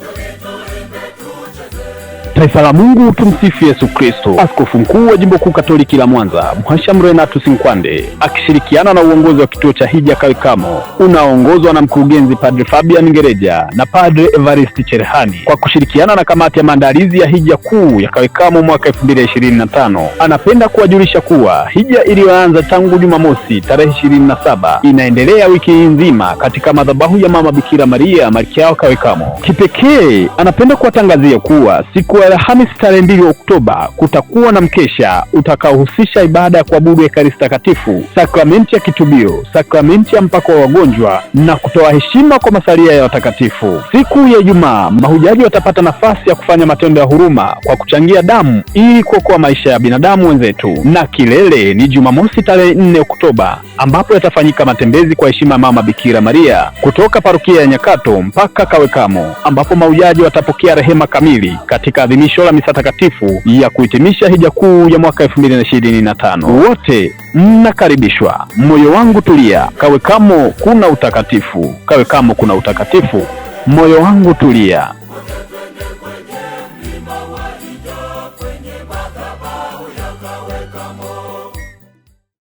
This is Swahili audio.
Yo Taifa la Mungu, tumsifu Yesu Kristo. Askofu mkuu wa jimbo kuu Katoliki la Mwanza, Mhashamu Renatus Nkwande, akishirikiana na uongozi wa kituo cha hija Kalkamo unaoongozwa na mkurugenzi Padre Fabian Ngereja na Padre Evaristi Cherehani, kwa kushirikiana na kamati ya maandalizi ya hija kuu ya Kalkamo mwaka 2025, anapenda kuwajulisha kuwa hija iliyoanza tangu Jumamosi tarehe 27 inaendelea wiki nzima katika madhabahu ya Mama Bikira Maria Malkia wa Kipekee anapenda kuwatangazia kuwa siku Alhamisi tarehe mbili Oktoba kutakuwa na mkesha utakaohusisha ibada ya kuabudu Ekaristi Takatifu, sakramenti ya kitubio, sakramenti ya mpako wa wagonjwa na kutoa heshima kwa masalia ya watakatifu. Siku ya Ijumaa, mahujaji watapata nafasi ya kufanya matendo ya huruma kwa kuchangia damu ili kuokoa maisha ya binadamu wenzetu, na kilele ni Jumamosi tarehe 4 Oktoba ambapo yatafanyika matembezi kwa heshima ya Mama Bikira Maria kutoka parokia ya Nyakato mpaka Kawekamo ambapo mahujaji watapokea rehema kamili katika maadhimisho la misa takatifu ya kuhitimisha hija kuu ya mwaka 2025. Wote mnakaribishwa. Moyo wangu tulia, kawe kamo kuna utakatifu, kawe kamo kuna utakatifu, moyo wangu tulia.